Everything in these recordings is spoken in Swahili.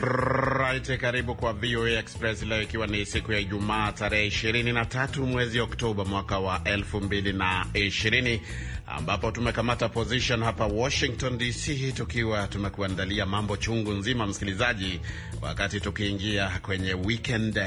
Right, karibu kwa VOA Express leo ikiwa ni siku ya Ijumaa tarehe 23 mwezi Oktoba mwaka wa 2020 ambapo tumekamata position hapa Washington DC tukiwa tumekuandalia mambo chungu nzima, msikilizaji, wakati tukiingia kwenye weekend.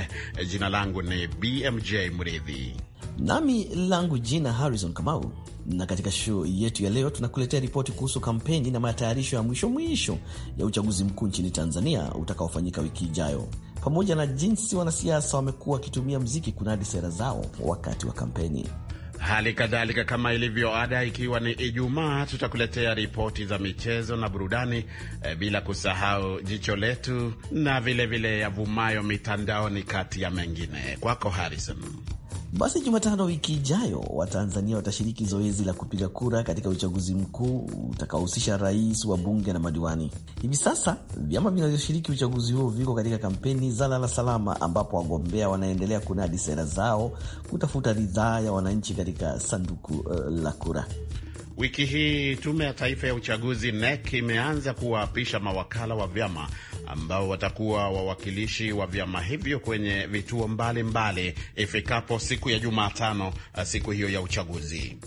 Jina langu ni BMJ Mridhi nami langu jina Harrison Kamau na katika show yetu ya leo tunakuletea ripoti kuhusu kampeni na matayarisho ya mwisho mwisho ya uchaguzi mkuu nchini Tanzania utakaofanyika wiki ijayo, pamoja na jinsi wanasiasa wamekuwa wakitumia mziki kunadi sera zao wakati wa kampeni. Hali kadhalika kama ilivyo ada, ikiwa ni Ijumaa, tutakuletea ripoti za michezo na burudani e, bila kusahau jicho letu na vilevile yavumayo mitandaoni, kati ya mengine. Kwako Harrison. Basi Jumatano wiki ijayo Watanzania watashiriki zoezi la kupiga kura katika uchaguzi mkuu utakaohusisha rais wa bunge na madiwani. Hivi sasa vyama vinavyoshiriki uchaguzi huo viko katika kampeni za lala salama, ambapo wagombea wanaendelea kunadi sera zao, kutafuta ridhaa ya wananchi katika sanduku uh, la kura. Wiki hii Tume ya Taifa ya Uchaguzi NEC imeanza kuwaapisha mawakala wa vyama ambao watakuwa wawakilishi wa vyama hivyo kwenye vituo mbalimbali ifikapo siku ya Jumatano, siku hiyo ya uchaguzi.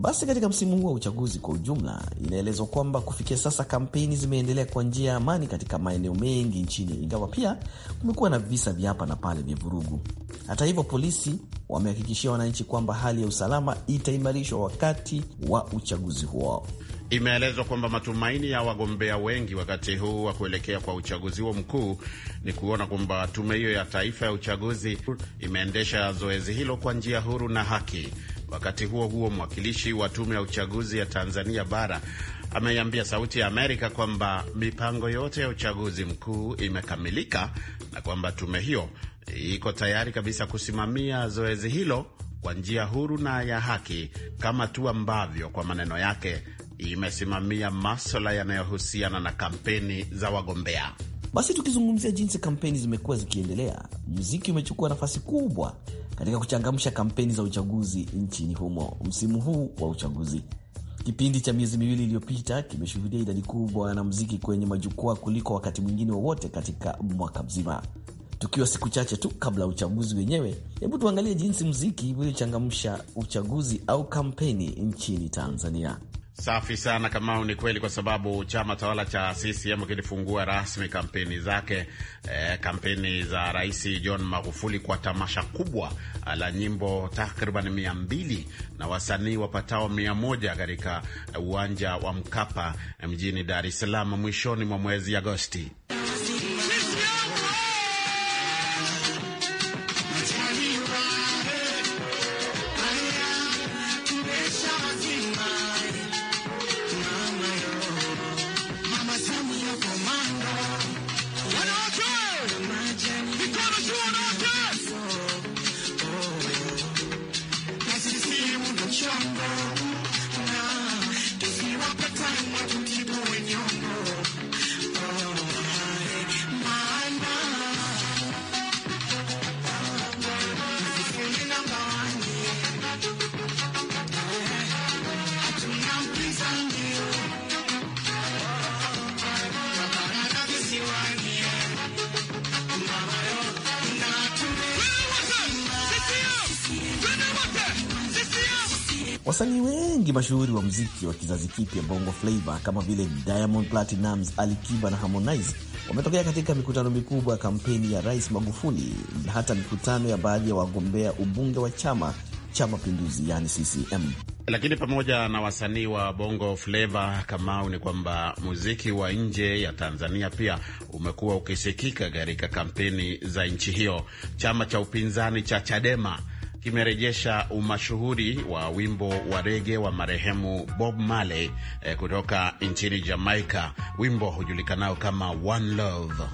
Basi katika msimu huu wa uchaguzi kwa ujumla, inaelezwa kwamba kufikia sasa kampeni zimeendelea kwa njia ya amani katika maeneo mengi nchini, ingawa pia kumekuwa na visa vya hapa na pale vya vurugu. Hata hivyo, polisi wamehakikishia wananchi kwamba hali ya usalama itaimarishwa wakati wa uchaguzi huo. Imeelezwa kwamba matumaini ya wagombea wengi wakati huu wa kuelekea kwa uchaguzi huo mkuu ni kuona kwamba tume hiyo ya taifa ya uchaguzi imeendesha zoezi hilo kwa njia huru na haki Wakati huo huo, mwakilishi wa tume ya uchaguzi ya Tanzania bara ameiambia Sauti ya Amerika kwamba mipango yote ya uchaguzi mkuu imekamilika na kwamba tume hiyo iko tayari kabisa kusimamia zoezi hilo kwa njia huru na ya haki, kama tu ambavyo, kwa maneno yake, imesimamia maswala yanayohusiana na kampeni za wagombea. Basi tukizungumzia jinsi kampeni zimekuwa zikiendelea, muziki umechukua nafasi kubwa katika kuchangamsha kampeni za uchaguzi nchini humo msimu huu wa uchaguzi. Kipindi cha miezi miwili iliyopita kimeshuhudia idadi kubwa na mziki kwenye majukwaa kuliko wakati mwingine wowote wa katika mwaka mzima. Tukiwa siku chache tu kabla ya uchaguzi wenyewe, hebu tuangalie jinsi muziki uliochangamsha uchaguzi au kampeni nchini Tanzania. Safi sana Kamau, ni kweli, kwa sababu chama tawala cha CCM kilifungua rasmi kampeni zake eh, kampeni za Rais John Magufuli kwa tamasha kubwa la nyimbo takriban mia mbili na wasanii wapatao mia moja katika uwanja wa Mkapa eh, mjini Dar es Salaam mwishoni mwa mwezi Agosti. Wasanii wengi mashuhuri wa mziki wa kizazi kipya bongo flava kama vile Diamond Platinumz, Ali Kiba na Harmonize wametokea katika mikutano mikubwa ya kampeni ya Rais Magufuli na hata mikutano ya baadhi ya wagombea ubunge wa Chama cha Mapinduzi yani CCM. Lakini pamoja na wasanii wa bongo fleva, Kamau, ni kwamba muziki wa nje ya Tanzania pia umekuwa ukisikika katika kampeni za nchi hiyo. Chama cha upinzani cha Chadema kimerejesha umashuhuri wa wimbo wa rege wa marehemu Bob Marley eh, kutoka nchini Jamaica, wimbo hujulikanao kama One Love.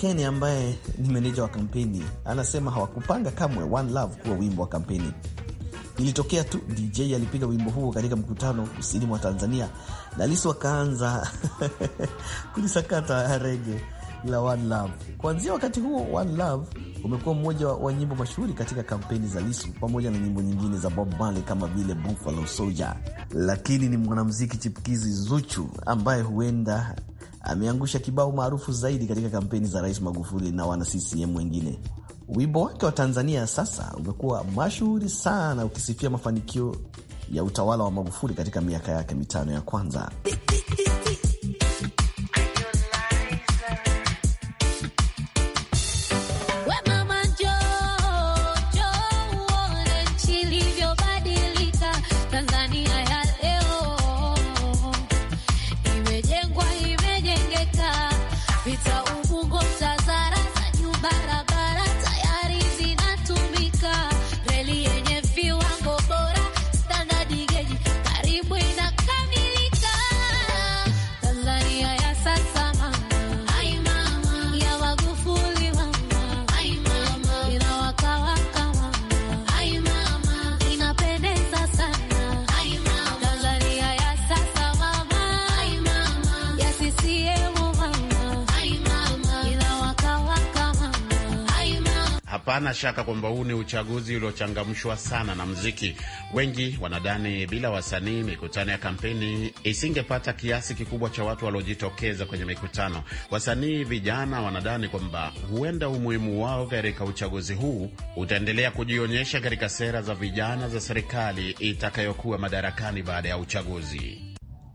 Kene ambaye ni meneja wa kampeni anasema hawakupanga kamwe One Love kuwa wimbo wa kampeni. Ilitokea tu DJ alipiga wimbo huo katika mkutano kusini mwa Tanzania na Lisu wakaanza kulisakata rege la One Love. Kuanzia wakati huo One Love umekuwa mmoja wa nyimbo mashuhuri katika kampeni za Lisu pamoja na nyimbo nyingine za Bob Marley kama vile Buffalo Soldier. Lakini ni mwanamuziki chipukizi Zuchu ambaye huenda ameangusha kibao maarufu zaidi katika kampeni za Rais Magufuli na wana CCM wengine. Wimbo wake wa Tanzania sasa umekuwa mashuhuri sana, ukisifia mafanikio ya utawala wa Magufuli katika miaka yake mitano ya kwanza. hana shaka kwamba huu ni uchaguzi uliochangamshwa sana na mziki. Wengi wanadhani bila wasanii mikutano ya kampeni isingepata kiasi kikubwa cha watu waliojitokeza kwenye mikutano. Wasanii vijana wanadhani kwamba huenda umuhimu wao katika uchaguzi huu utaendelea kujionyesha katika sera za vijana za serikali itakayokuwa madarakani baada ya uchaguzi.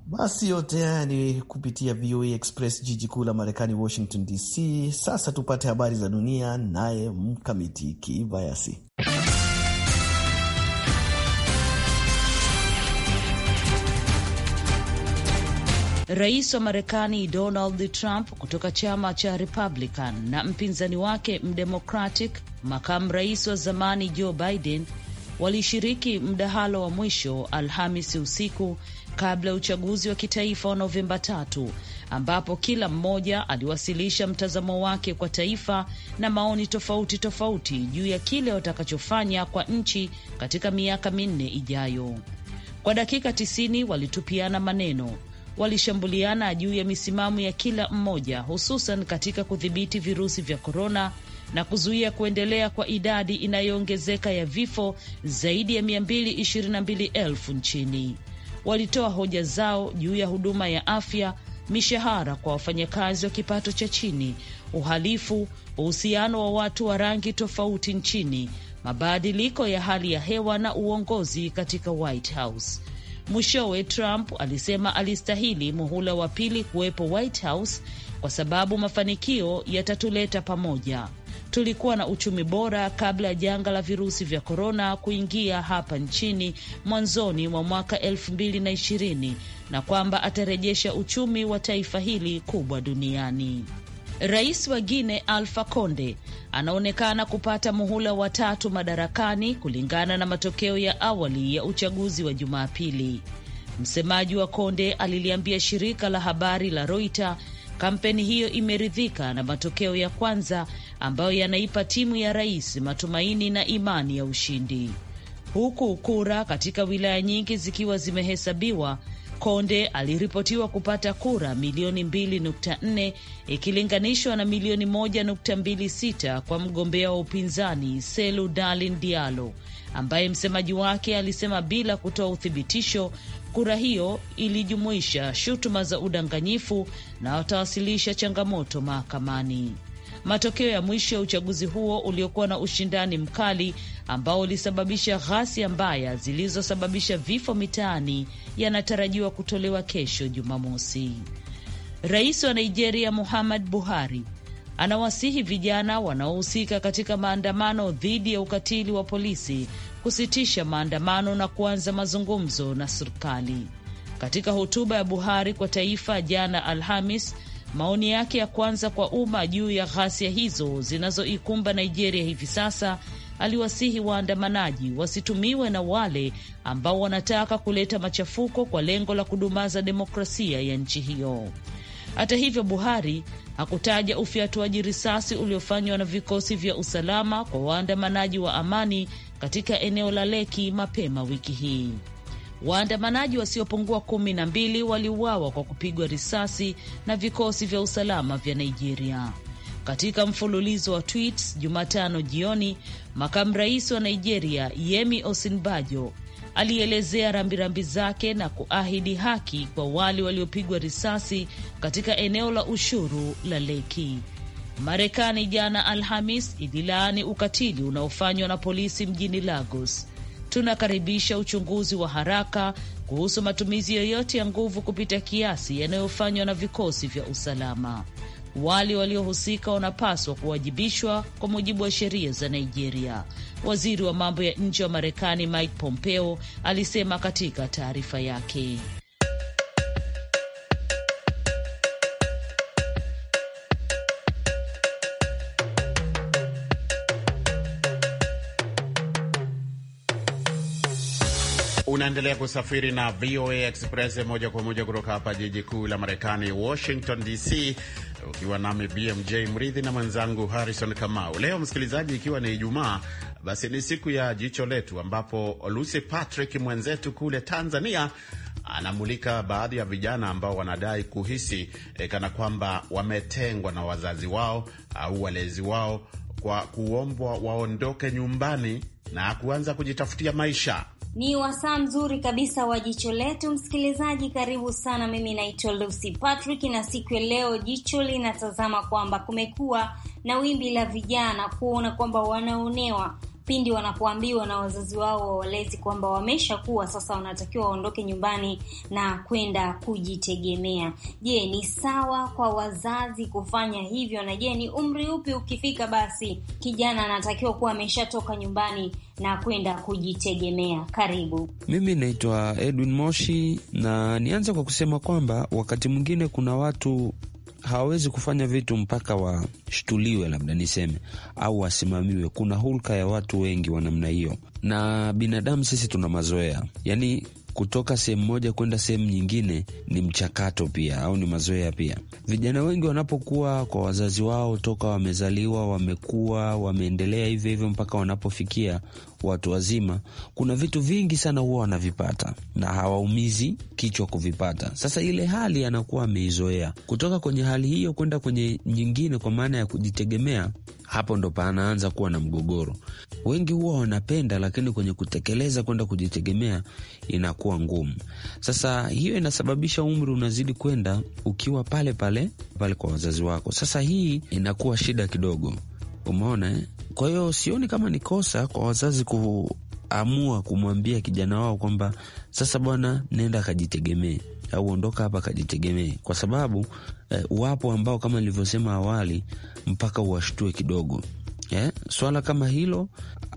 Basi yote haya ni kupitia VOA Express, jiji kuu la Marekani, Washington DC. Sasa tupate habari za dunia, naye Mkamiti Kibayasi. Rais wa Marekani Donald Trump kutoka chama cha Republican na mpinzani wake mdemocratic makamu rais wa zamani Joe Biden walishiriki mdahalo wa mwisho Alhamisi usiku kabla ya uchaguzi wa kitaifa wa Novemba tatu, ambapo kila mmoja aliwasilisha mtazamo wake kwa taifa na maoni tofauti tofauti juu ya kile watakachofanya kwa nchi katika miaka minne ijayo. Kwa dakika tisini walitupiana maneno, walishambuliana juu ya misimamo ya kila mmoja, hususan katika kudhibiti virusi vya korona na kuzuia kuendelea kwa idadi inayoongezeka ya vifo zaidi ya 222,000 nchini walitoa hoja zao juu ya huduma ya afya, mishahara kwa wafanyakazi wa kipato cha chini, uhalifu, uhusiano wa watu wa rangi tofauti nchini, mabadiliko ya hali ya hewa na uongozi katika White House. Mwishowe, Trump alisema alistahili muhula wa pili kuwepo White House kwa sababu mafanikio yatatuleta pamoja tulikuwa na uchumi bora kabla ya janga la virusi vya korona kuingia hapa nchini mwanzoni mwa mwaka elfu mbili na ishirini na kwamba atarejesha uchumi wa taifa hili kubwa duniani. Rais wa Guine alfa Conde anaonekana kupata muhula wa tatu madarakani kulingana na matokeo ya awali ya uchaguzi wa Jumapili. Msemaji wa Konde aliliambia shirika la habari la roite kampeni hiyo imeridhika na matokeo ya kwanza ambayo yanaipa timu ya rais matumaini na imani ya ushindi. Huku kura katika wilaya nyingi zikiwa zimehesabiwa, Konde aliripotiwa kupata kura milioni 2.4 ikilinganishwa na milioni 1.26 kwa mgombea wa upinzani Selu dalin dialo ambaye msemaji wake alisema bila kutoa uthibitisho kura hiyo ilijumuisha shutuma za udanganyifu na watawasilisha changamoto mahakamani matokeo ya mwisho ya uchaguzi huo uliokuwa na ushindani mkali ambao ulisababisha ghasia mbaya zilizosababisha vifo mitaani yanatarajiwa kutolewa kesho Jumamosi. Rais wa Nigeria Muhammad Buhari anawasihi vijana wanaohusika katika maandamano dhidi ya ukatili wa polisi kusitisha maandamano na kuanza mazungumzo na serikali. Katika hotuba ya Buhari kwa taifa jana Alhamis, maoni yake ya kwanza kwa umma juu ya ghasia hizo zinazoikumba Nigeria hivi sasa. Aliwasihi waandamanaji wasitumiwe na wale ambao wanataka kuleta machafuko kwa lengo la kudumaza demokrasia ya nchi hiyo. Hata hivyo, Buhari hakutaja ufyatuaji risasi uliofanywa na vikosi vya usalama kwa waandamanaji wa amani katika eneo la Leki mapema wiki hii. Waandamanaji wasiopungua kumi na mbili waliuawa kwa kupigwa risasi na vikosi vya usalama vya Nigeria. Katika mfululizo wa tweets Jumatano jioni, makamu rais wa Nigeria Yemi Osinbajo alielezea rambirambi zake na kuahidi haki kwa wale waliopigwa risasi katika eneo la ushuru la Lekki. Marekani jana Alhamis ililaani ukatili unaofanywa na polisi mjini Lagos tunakaribisha uchunguzi wa haraka kuhusu matumizi yoyote ya nguvu kupita kiasi yanayofanywa na vikosi vya usalama. Wale waliohusika wanapaswa kuwajibishwa kwa mujibu wa sheria za Nigeria, waziri wa mambo ya nje wa Marekani Mike Pompeo alisema katika taarifa yake. Unaendelea kusafiri na VOA Express moja kwa moja kutoka hapa jiji kuu la Marekani, Washington DC, ukiwa nami BMJ Mridhi na mwenzangu Harrison Kamau. Leo msikilizaji, ikiwa ni Ijumaa, basi ni siku ya jicho letu, ambapo Lucy Patrick mwenzetu kule Tanzania anamulika baadhi ya vijana ambao wanadai kuhisi eh, kana kwamba wametengwa na wazazi wao au walezi wao kwa kuombwa waondoke nyumbani na kuanza kujitafutia maisha. Ni wasaa mzuri kabisa wa jicho letu, msikilizaji, karibu sana. Mimi naitwa Lucy Patrick, na siku ya leo jicho linatazama kwamba kumekuwa na wimbi la vijana kuona kwamba wanaonewa pindi wanapoambiwa na wazazi wao walezi kwamba wameshakuwa sasa wanatakiwa waondoke nyumbani na kwenda kujitegemea. Je, ni sawa kwa wazazi kufanya hivyo? Na je, ni umri upi ukifika basi kijana anatakiwa kuwa ameshatoka nyumbani na kwenda kujitegemea? Karibu. Mimi naitwa Edwin Moshi, na nianze kwa kusema kwamba wakati mwingine kuna watu hawawezi kufanya vitu mpaka washtuliwe, labda niseme, au wasimamiwe. Kuna hulka ya watu wengi wa namna hiyo, na binadamu sisi tuna mazoea, yani kutoka sehemu moja kwenda sehemu nyingine ni mchakato pia, au ni mazoea pia. Vijana wengi wanapokuwa kwa wazazi wao toka wamezaliwa, wamekuwa, wameendelea hivyo hivyo mpaka wanapofikia watu wazima, kuna vitu vingi sana huwa wanavipata na hawaumizi kichwa kuvipata. Sasa ile hali anakuwa ameizoea, kutoka kwenye hali hiyo kwenda kwenye nyingine, kwa maana ya kujitegemea hapo ndo panaanza kuwa na mgogoro. Wengi huwa wanapenda, lakini kwenye kutekeleza kwenda kujitegemea inakuwa ngumu. Sasa hiyo inasababisha umri unazidi kwenda ukiwa pale pale pale kwa wazazi wako. Sasa hii inakuwa shida kidogo, umeona. Eh? Kwa hiyo sioni kama ni kosa kwa wazazi kuamua kumwambia kijana wao kwamba sasa bwana, nenda kajitegemee au ondoka hapa kajitegemee, kwa sababu eh, wapo ambao kama nilivyosema awali mpaka uwashtue kidogo eh, swala kama hilo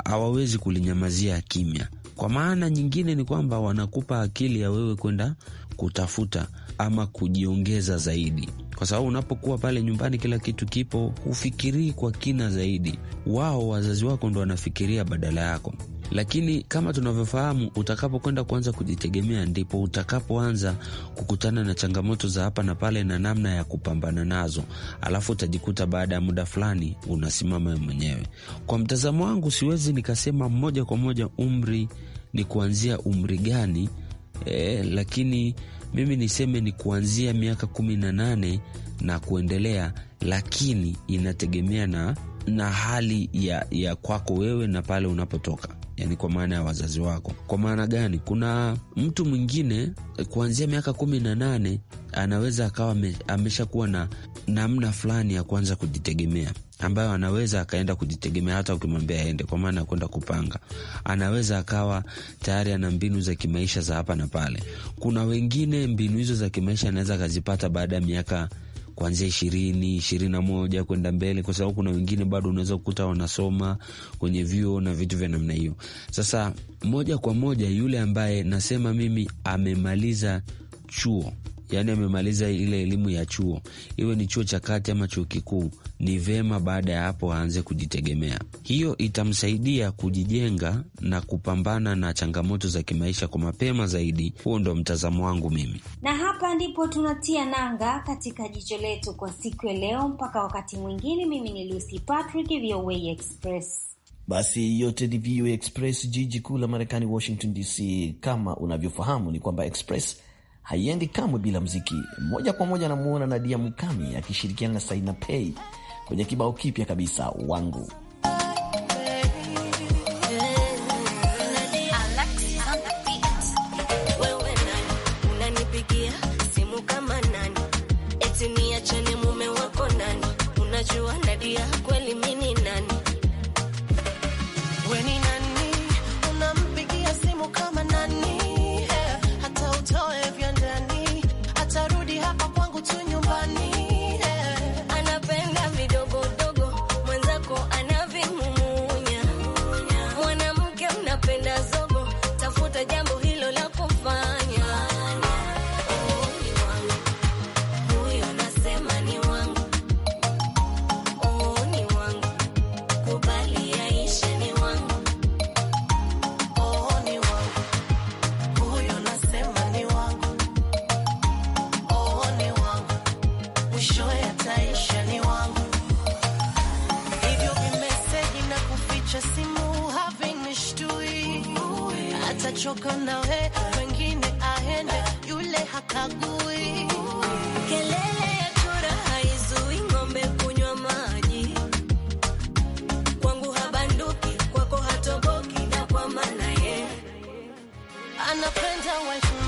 hawawezi kulinyamazia kimya. Kwa maana nyingine ni kwamba wanakupa akili ya wewe kwenda kutafuta ama kujiongeza zaidi, kwa sababu unapokuwa pale nyumbani kila kitu kipo, hufikirii kwa kina zaidi. Wao wazazi wako ndo wanafikiria badala yako lakini kama tunavyofahamu, utakapokwenda kuanza kujitegemea ndipo utakapoanza kukutana na changamoto za hapa na pale na namna ya kupambana nazo, alafu utajikuta baada ya muda fulani unasimama mwenyewe. Kwa mtazamo wangu, siwezi nikasema moja kwa moja umri ni kuanzia umri gani eh, lakini mimi niseme ni kuanzia miaka kumi na nane na kuendelea, lakini inategemea na na hali ya, ya kwako wewe na pale unapotoka yani kwa maana ya wazazi wako. Kwa maana gani? Kuna mtu mwingine eh, kuanzia miaka kumi na nane anaweza akawa ameshakuwa na namna fulani ya kuanza kujitegemea ambayo anaweza akaenda kujitegemea hata ukimwambia aende, kwa maana ya kwenda kupanga, anaweza akawa tayari ana mbinu za kimaisha za hapa na pale. Kuna wengine mbinu hizo za kimaisha anaweza akazipata baada ya miaka kuanzia ishirini ishirini na moja kwenda mbele, kwa sababu kuna wengine bado unaweza kukuta wanasoma kwenye vyuo na vitu vya namna hiyo. Sasa moja kwa moja yule ambaye nasema mimi amemaliza chuo yaani amemaliza ile elimu ya chuo, iwe ni chuo cha kati ama chuo kikuu, ni vema baada ya hapo aanze kujitegemea. Hiyo itamsaidia kujijenga na kupambana na changamoto za kimaisha kwa mapema zaidi. Huo ndo mtazamo wangu mimi, na hapa ndipo tunatia nanga katika jicho letu kwa siku ya leo. Mpaka wakati mwingine, mimi ni Lucy Patrick, VOA Express. Basi yote ni VOA Express, jiji kuu la Marekani, Washington DC. Kama unavyofahamu ni kwamba Express haiendi kamwe bila mziki. Moja kwa moja namuona Nadia Mukami akishirikiana na Saina Pei kwenye kibao kipya kabisa wangu atachoka nawe, wengine ahende, yule hakagui kelele ya chura haizui ng'ombe kunywa maji. Kwangu habanduki, kwako hatoboki, na kwa maana ye anapenda watu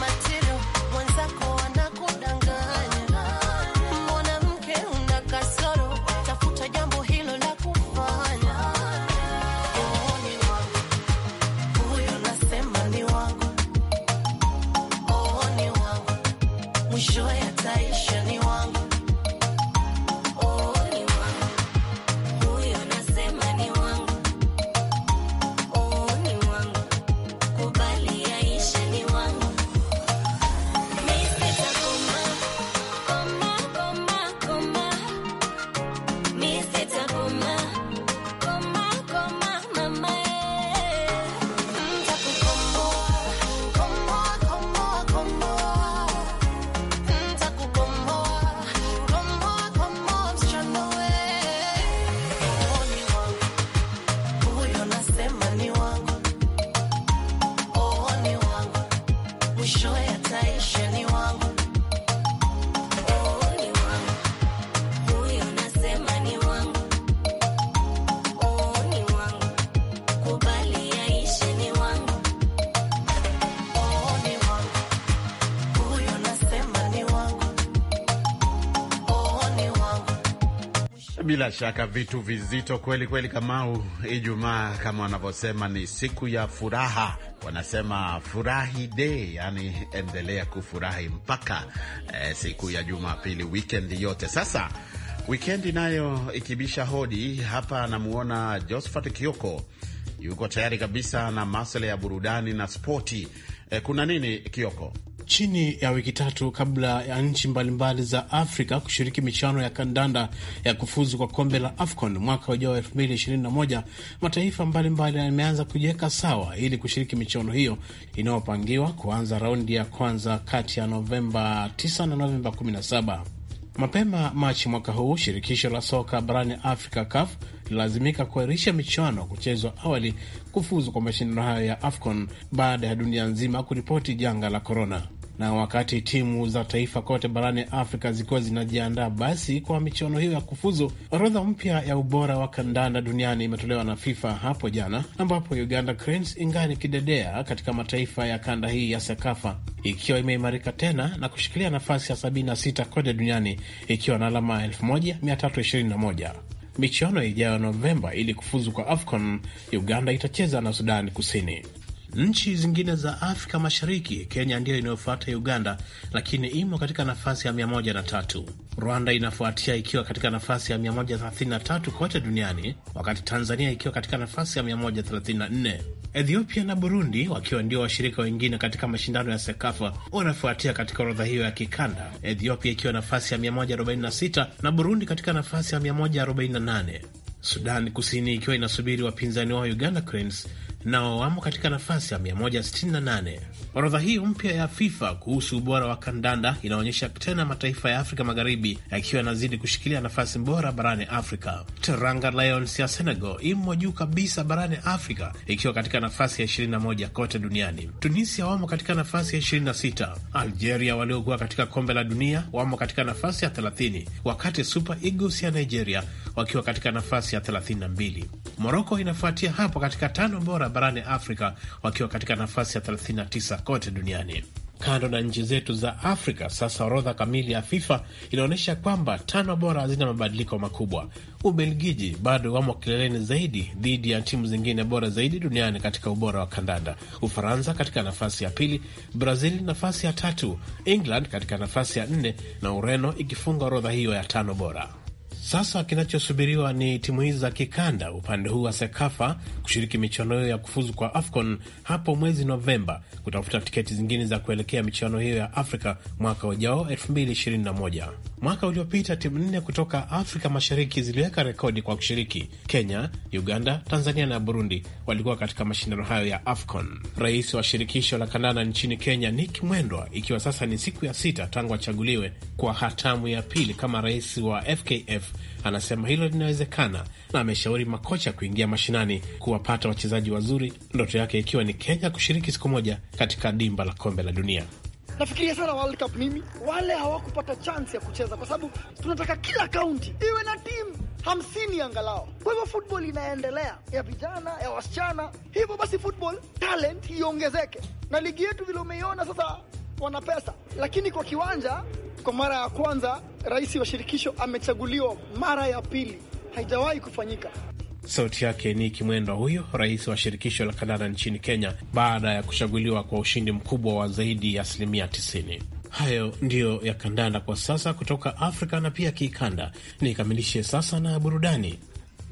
Bila shaka vitu vizito kweli kweli, Kamau. Ijumaa kama wanavyosema ni siku ya furaha, wanasema furahi day, yani endelea kufurahi mpaka eh, siku ya Jumapili, wikendi yote. Sasa wikendi nayo ikibisha hodi, hapa namuona Josephat Kioko yuko tayari kabisa na masuala ya burudani na spoti. Eh, kuna nini Kioko? Chini ya wiki tatu kabla ya nchi mbalimbali za Afrika kushiriki michuano ya kandanda ya kufuzu kwa kombe la AFCON mwaka ujao wa 221 mataifa mbalimbali yameanza kujiweka sawa ili kushiriki michuano hiyo inayopangiwa kuanza raundi ya kwanza kati ya Novemba 9 na Novemba 17. Mapema Machi mwaka huu shirikisho la soka barani Afrika, CAF, lilazimika kuahirisha michuano kuchezwa awali kufuzu kwa mashindano hayo ya AFCON baada ya dunia nzima kuripoti janga la korona. Na wakati timu za taifa kote barani Afrika zikiwa zinajiandaa basi kwa michuano hiyo ya kufuzu, orodha mpya ya ubora wa kandanda duniani imetolewa na FIFA hapo jana, ambapo Uganda Cranes ingani kidedea katika mataifa ya kanda hii ya SEKAFA, ikiwa imeimarika tena na kushikilia nafasi ya 76 kote duniani ikiwa na alama 1321. Michuano ijayo Novemba ili kufuzu kwa AFCON, Uganda itacheza na Sudani Kusini. Nchi zingine za Afrika Mashariki, Kenya ndiyo inayofuata Uganda, lakini imo katika nafasi ya 103. Rwanda inafuatia ikiwa katika nafasi ya 133 kote duniani, wakati Tanzania ikiwa katika nafasi ya 134. Ethiopia na Burundi wakiwa ndio washirika wengine katika mashindano ya SEKAFA wanafuatia katika orodha hiyo ya kikanda, Ethiopia ikiwa nafasi ya 146 na Burundi katika nafasi ya 148. Sudani Kusini ikiwa inasubiri wapinzani wao Uganda Cranes nao wamo katika nafasi ya 168. Orodha hiyo mpya ya FIFA kuhusu ubora wa kandanda inaonyesha tena mataifa ya Afrika Magharibi yakiwa yanazidi kushikilia nafasi bora barani Afrika. Teranga Lions ya Senegal imo juu kabisa barani Afrika ikiwa katika nafasi ya 21 kote duniani. Tunisia wamo katika nafasi ya 26. Algeria waliokuwa katika kombe la dunia wamo katika nafasi ya 30, wakati Super Eagles ya Nigeria wakiwa katika nafasi ya 32. Moroko inafuatia hapo katika tano bora barani Afrika wakiwa katika nafasi ya 39 kote duniani. Kando na nchi zetu za Afrika, sasa orodha kamili ya FIFA inaonyesha kwamba tano bora hazina mabadiliko makubwa. Ubelgiji bado wamo kileleni zaidi dhidi ya timu zingine bora zaidi duniani katika ubora wa kandanda, Ufaransa katika nafasi ya pili, Brazil nafasi ya tatu, England katika nafasi ya nne na Ureno ikifunga orodha hiyo ya tano bora. Sasa kinachosubiriwa ni timu hizi za kikanda upande huu wa SEKAFA kushiriki michuano hiyo ya kufuzu kwa AFCON hapo mwezi Novemba, kutafuta tiketi zingine za kuelekea michuano hiyo ya Afrika mwaka ujao 2021. Mwaka uliopita timu nne kutoka Afrika Mashariki ziliweka rekodi kwa kushiriki. Kenya, Uganda, Tanzania na Burundi walikuwa katika mashindano hayo ya AFCON. Rais wa shirikisho la kandanda nchini Kenya Nick Mwendwa, ikiwa sasa ni siku ya sita tangu achaguliwe kwa hatamu ya pili kama rais wa FKF anasema hilo linawezekana, na ameshauri makocha kuingia mashinani kuwapata wachezaji wazuri, ndoto yake ikiwa ni Kenya kushiriki siku moja katika dimba la kombe la dunia. Nafikiria sana World Cup mimi, wale hawakupata chance ya kucheza kwa sababu tunataka kila kaunti iwe na timu hamsini angalao. Kwa hivyo football inaendelea ya vijana ya wasichana, hivyo basi football talent iongezeke, na ligi yetu vile umeiona sasa wana pesa, lakini kwa kiwanja, kwa mara ya kwanza rais wa shirikisho amechaguliwa mara ya pili, haijawahi kufanyika. Sauti yake ni Kimwendwa, huyo rais wa shirikisho la kandanda nchini Kenya, baada ya kuchaguliwa kwa ushindi mkubwa wa zaidi ya asilimia 90. Hayo ndiyo ya kandanda kwa sasa kutoka Afrika na pia kikanda. Nikamilishe sasa na burudani.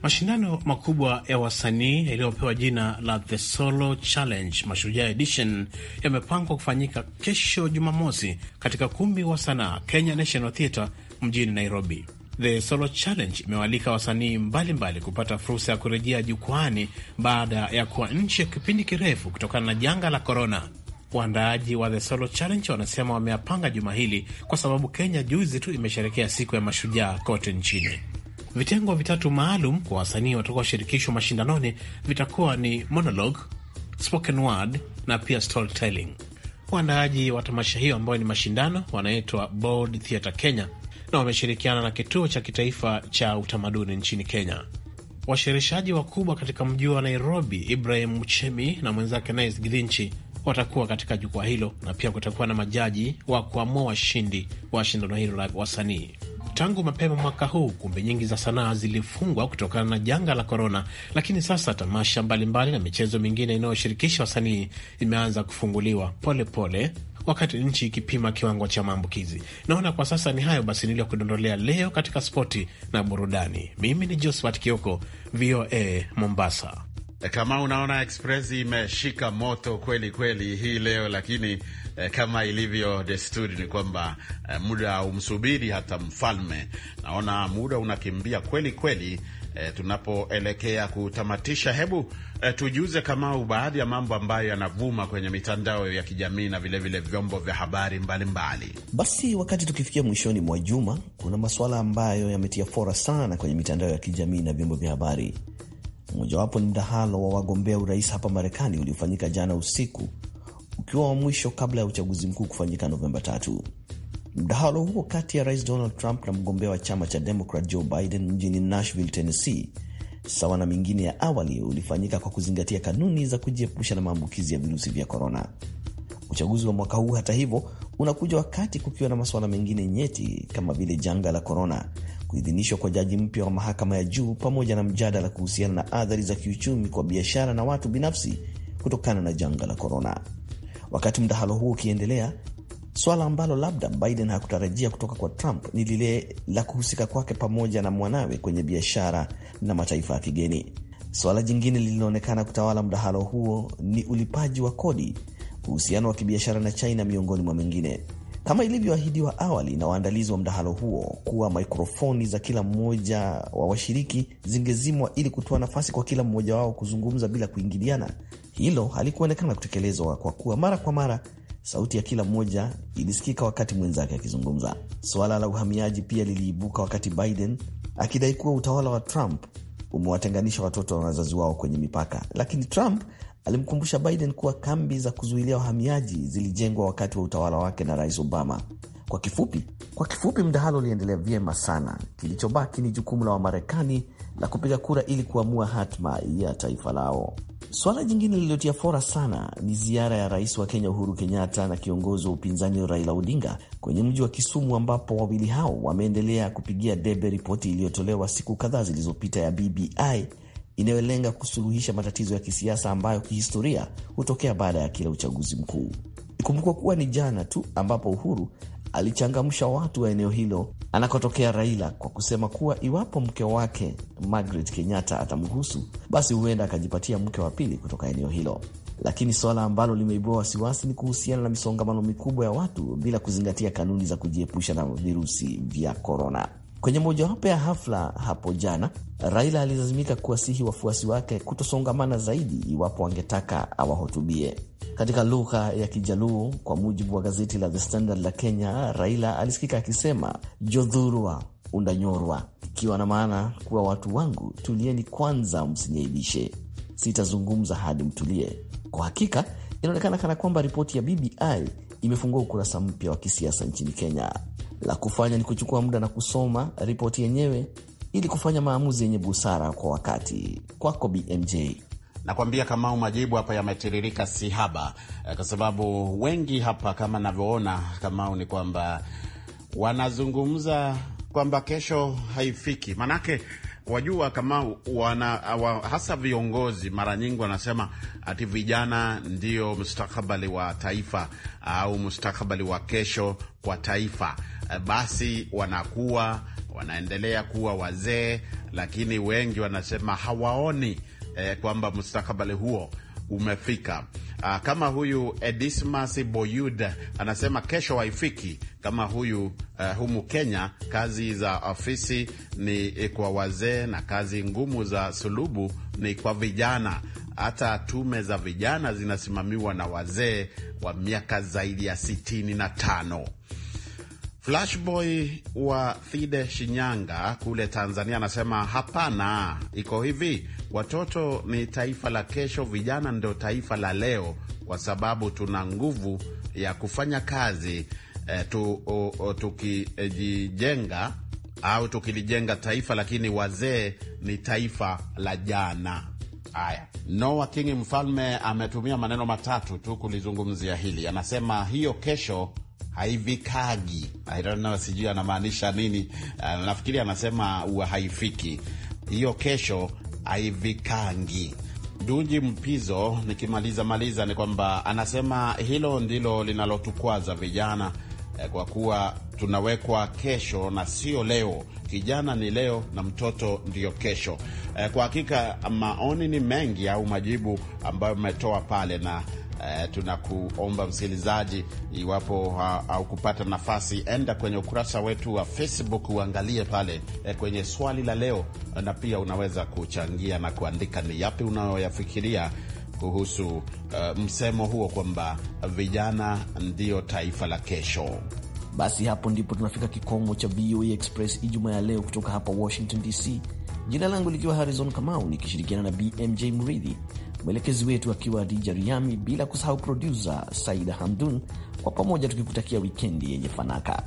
Mashindano makubwa ya wasanii yaliyopewa jina la The Solo Challenge Mashujaa Edition yamepangwa kufanyika kesho Jumamosi katika kumbi wa sanaa Kenya National Theatre mjini Nairobi. The Solo Challenge imewalika wasanii mbalimbali kupata fursa ya kurejea jukwaani baada ya kuwa nchi ya kipindi kirefu kutokana na janga la korona. Waandaaji wa The Solo Challenge wanasema wameyapanga juma hili kwa sababu Kenya juzi tu imesherekea siku ya mashujaa kote nchini. Vitengo vitatu maalum kwa wasanii watakaoshirikishwa mashindanoni vitakuwa ni monologue, spoken word na pia storytelling. Waandaaji wa tamasha hiyo ambayo ni mashindano wanaitwa Bold Theatre Kenya na wameshirikiana na kituo cha kitaifa cha utamaduni nchini Kenya. Washereshaji wakubwa katika mji wa Nairobi, Ibrahim Mchemi na mwenzake nais Githinchi watakuwa katika jukwaa hilo, na pia kutakuwa na majaji wa kuamua washindi wa shindano hilo la wasanii. Tangu mapema mwaka huu kumbi nyingi za sanaa zilifungwa kutokana na janga la korona, lakini sasa tamasha mbalimbali mbali na michezo mingine inayoshirikisha wasanii imeanza kufunguliwa polepole pole, wakati nchi ikipima kiwango cha maambukizi. Naona kwa sasa ni hayo basi niliyokudondolea leo katika spoti na burudani. Mimi ni Josephat Kioko, VOA Mombasa. Kama unaona Express imeshika moto kweli kweli hii leo, lakini eh, kama ilivyo desturi ni kwamba eh, muda umsubiri hata mfalme. Naona muda unakimbia kweli kweli. E, tunapoelekea kutamatisha, hebu e, tujuze Kamau baadhi ya mambo ambayo yanavuma kwenye mitandao ya kijamii na vilevile vile vyombo vya habari mbalimbali mbali. Basi wakati tukifikia mwishoni mwa juma, kuna masuala ambayo yametia fora sana kwenye mitandao ya kijamii na vyombo vya habari. Mojawapo ni mdahalo wa wagombea urais hapa Marekani uliofanyika jana usiku ukiwa wa mwisho kabla ya uchaguzi mkuu kufanyika Novemba tatu. Mdahalo huo kati ya rais Donald Trump na mgombea wa chama cha Demokrat Joe Biden mjini Nashville, Tennessee, sawa na mingine ya awali, ulifanyika kwa kuzingatia kanuni za kujiepusha na maambukizi ya virusi vya korona. Uchaguzi wa mwaka huu, hata hivyo, unakuja wakati kukiwa na masuala mengine nyeti kama vile janga la korona, kuidhinishwa kwa jaji mpya wa mahakama ya juu, pamoja na mjadala kuhusiana na athari za kiuchumi kwa biashara na watu binafsi kutokana na janga la korona. Wakati mdahalo huo ukiendelea, swala ambalo labda Biden hakutarajia kutoka kwa Trump ni lile la kuhusika kwake pamoja na mwanawe kwenye biashara na mataifa ya kigeni. Swala jingine lililoonekana kutawala mdahalo huo ni ulipaji wa kodi, uhusiano wa kibiashara na China, miongoni mwa mengine. Kama ilivyoahidiwa awali na waandalizi wa mdahalo huo kuwa mikrofoni za kila mmoja wa washiriki zingezimwa ili kutoa nafasi kwa kila mmoja wao kuzungumza bila kuingiliana, hilo halikuonekana kutekelezwa kwa kuwa mara kwa mara sauti ya kila mmoja ilisikika wakati mwenzake akizungumza. Suala la uhamiaji pia liliibuka wakati Biden akidai kuwa utawala wa Trump umewatenganisha watoto na wazazi wao kwenye mipaka, lakini Trump alimkumbusha Biden kuwa kambi za kuzuilia wahamiaji zilijengwa wakati wa utawala wake na Rais Obama. Kwa kifupi, kwa kifupi mdahalo uliendelea vyema sana. Kilichobaki ni jukumu la Wamarekani na kupiga kura ili kuamua hatma ya taifa lao. Suala jingine lililotia fora sana ni ziara ya rais wa Kenya Uhuru Kenyatta na kiongozi wa upinzani Raila Odinga kwenye mji wa Kisumu, ambapo wawili hao wameendelea kupigia debe ripoti iliyotolewa siku kadhaa zilizopita ya BBI inayolenga kusuluhisha matatizo ya kisiasa ambayo kihistoria hutokea baada ya kila uchaguzi mkuu. Ikumbukwa kuwa ni jana tu ambapo Uhuru alichangamsha watu wa eneo hilo anakotokea Raila kwa kusema kuwa iwapo mke wake Margaret Kenyatta atamruhusu, basi huenda akajipatia mke wa pili kutoka eneo hilo. Lakini suala ambalo limeibua wasiwasi ni kuhusiana na misongamano mikubwa ya watu bila kuzingatia kanuni za kujiepusha na virusi vya korona. Kwenye mojawapo ya hafla hapo jana, Raila alilazimika kuwasihi wafuasi wake kutosongamana zaidi iwapo wangetaka awahutubie katika lugha ya Kijaluo. Kwa mujibu wa gazeti la The Standard la Kenya, Raila alisikika akisema jodhurwa undanyorwa, ikiwa na maana kuwa watu wangu, tulieni kwanza, msiniaibishe, sitazungumza hadi mtulie. Kwa hakika inaonekana kana kwamba ripoti ya BBI imefungua ukurasa mpya wa kisiasa nchini Kenya. La kufanya ni kuchukua muda na kusoma ripoti yenyewe ili kufanya maamuzi yenye busara kwa wakati. Kwako BMJ. Nakwambia Kamau, majibu hapa yametiririka si haba, eh, kwa sababu wengi hapa kama navyoona Kamau ni kwamba wanazungumza kwamba kesho haifiki, manake wajua kama wana, wa, hasa viongozi mara nyingi wanasema ati vijana ndio mustakabali wa taifa au mustakabali wa kesho kwa taifa. Basi wanakuwa wanaendelea kuwa wazee, lakini wengi wanasema hawaoni eh, kwamba mustakabali huo umefika. Uh, kama huyu Edismas Boyud anasema kesho haifiki kama huyu uh, humu Kenya kazi za ofisi ni eh, kwa wazee na kazi ngumu za sulubu ni kwa vijana. Hata tume za vijana zinasimamiwa na wazee wa miaka zaidi ya sitini na tano. Flashboy wa Fide Shinyanga kule Tanzania anasema hapana, iko hivi, watoto ni taifa la kesho, vijana ndio taifa la leo, kwa sababu tuna nguvu ya kufanya kazi eh, tukijijenga au tukilijenga taifa, lakini wazee ni taifa la jana. Haya, Noa King mfalme ametumia maneno matatu tu kulizungumzia hili, anasema hiyo kesho haivikagi. I don't know, sijui anamaanisha nini. Uh, nafikiri anasema huwa haifiki hiyo kesho haivikangi. Duji Mpizo, nikimaliza maliza ni kwamba anasema hilo ndilo linalotukwaza vijana eh, kwa kuwa tunawekwa kesho na sio leo. Kijana ni leo na mtoto ndiyo kesho. Eh, kwa hakika maoni ni mengi au majibu ambayo mmetoa pale na eh, tunakuomba msikilizaji, iwapo haukupata nafasi, enda kwenye ukurasa wetu wa Facebook uangalie pale, eh, kwenye swali la leo, na pia unaweza kuchangia na kuandika ni yapi unayoyafikiria kuhusu uh, msemo huo kwamba vijana ndiyo taifa la kesho. Basi hapo ndipo tunafika kikomo cha VOA Express Ijumaa ya leo kutoka hapa Washington DC, jina langu likiwa Harrison Kamau nikishirikiana na BMJ Mridhi mwelekezi wetu akiwa Dija Riami, bila kusahau produsa Saida Hamdun, kwa pamoja tukikutakia wikendi yenye fanaka.